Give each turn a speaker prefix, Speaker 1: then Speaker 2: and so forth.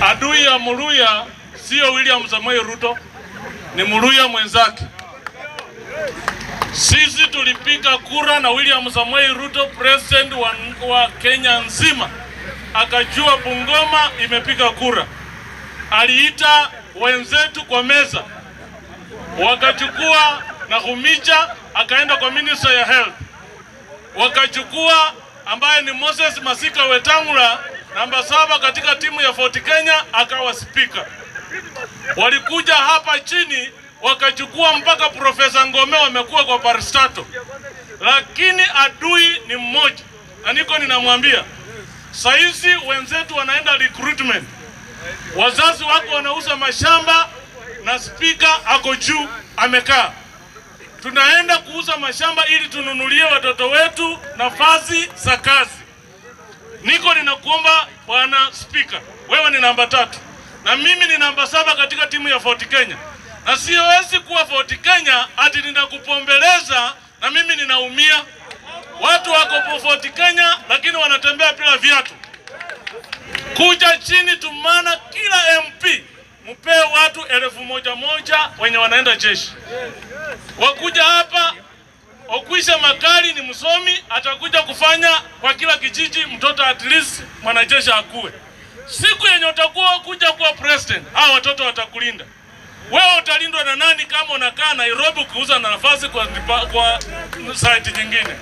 Speaker 1: Adui ya Muluya sio William Samoei Ruto, ni Muluya mwenzake. Sisi tulipiga kura na William Samoei Ruto, president wa, wa Kenya nzima, akajua Bungoma imepiga kura. Aliita wenzetu kwa meza, wakachukua na humicha akaenda kwa minister ya health, wakachukua ambaye ni Moses Masika Wetangula namba saba katika timu ya Fort Kenya akawa spika. Walikuja hapa chini wakachukua mpaka Profesa Ngome wamekuwa kwa Barstato, lakini adui ni mmoja, na niko ninamwambia saizi wenzetu wanaenda recruitment, wazazi wako wanauza mashamba na spika ako juu amekaa. Tunaenda kuuza mashamba ili tununulie watoto wetu nafasi za kazi. Niko ninakuomba bwana spika, wewe ni namba tatu na mimi ni namba saba katika timu ya Fort Kenya, na siwezi kuwa Fort Kenya ati ninakupombeleza na mimi ninaumia. Watu wako Fort Kenya lakini wanatembea bila viatu. Kuja chini tumana, kila MP mpee watu elfu moja moja wenye wanaenda jeshi wakuja Elisha Makali ni msomi, atakuja kufanya kwa kila kijiji mtoto at least mwanajeshi akuwe. Siku yenye utakuwa kuja kuwa president, hao watoto watakulinda wewe. Utalindwa na nani kama unakaa Nairobi ukiuza na nafasi kwa, kwa site nyingine?